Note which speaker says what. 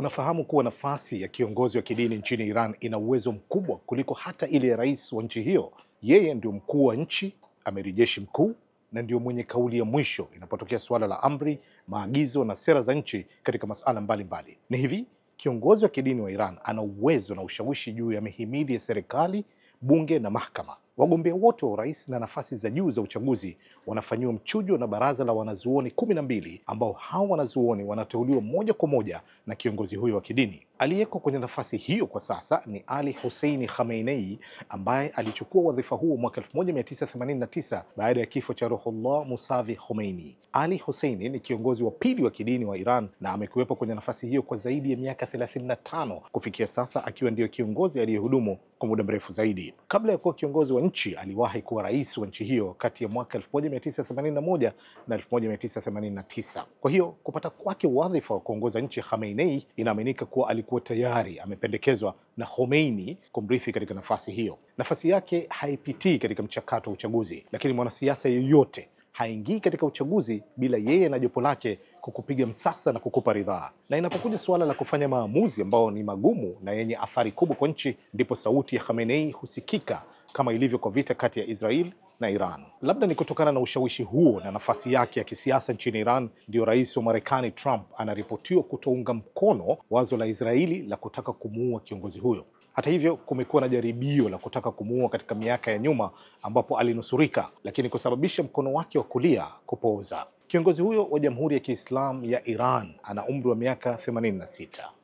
Speaker 1: Unafahamu kuwa nafasi ya kiongozi wa kidini nchini Iran ina uwezo mkubwa kuliko hata ile ya rais wa nchi hiyo. Yeye ndio mkuu wa nchi, amiri jeshi mkuu, na ndio mwenye kauli ya mwisho inapotokea suala la amri, maagizo na sera za nchi katika masuala mbalimbali. Ni hivi, kiongozi wa kidini wa Iran ana uwezo na ushawishi juu ya mihimili ya serikali, bunge na mahakama. Wagombea wote wa urais na nafasi za juu za uchaguzi wanafanyiwa mchujo na baraza la wanazuoni kumi na mbili ambao hao wanazuoni wanateuliwa moja kwa moja na kiongozi huyo wa kidini. Aliyeko kwenye nafasi hiyo kwa sasa ni Ali huseini Khamenei ambaye alichukua wadhifa huo mwaka 1989 baada ya kifo cha Ruhullah Musavi Khomeini. Ali huseini ni kiongozi wa pili wa kidini wa Iran na amekuwepo kwenye nafasi hiyo kwa zaidi ya miaka 35 kufikia sasa, akiwa ndiyo kiongozi aliyehudumu kwa muda mrefu zaidi. Kabla ya kuwa kiongozi wa nchi aliwahi kuwa rais wa nchi hiyo kati ya mwaka 1981 na 1989. Kwa hiyo kupata kwake wadhifa wa kuongoza nchi Khamenei, inaaminika kuwa alikuwa tayari amependekezwa na Khomeini kumrithi katika nafasi hiyo. Nafasi yake haipitii katika mchakato wa uchaguzi, lakini mwanasiasa yeyote haingii katika uchaguzi bila yeye na jopo lake kukupiga msasa na kukupa ridhaa. Na inapokuja suala la kufanya maamuzi ambayo ni magumu na yenye athari kubwa kwa nchi, ndipo sauti ya Khamenei husikika kama ilivyo kwa vita kati ya Israel na Iran. Labda ni kutokana na ushawishi huo na nafasi yake ya kisiasa nchini Iran, ndiyo rais wa Marekani Trump anaripotiwa kutounga mkono wazo la Israeli la kutaka kumuua kiongozi huyo. Hata hivyo, kumekuwa na jaribio la kutaka kumuua katika miaka ya nyuma, ambapo alinusurika, lakini kusababisha mkono wake wa kulia kupooza. Kiongozi huyo wa Jamhuri ya Kiislamu ya Iran ana umri wa miaka 86.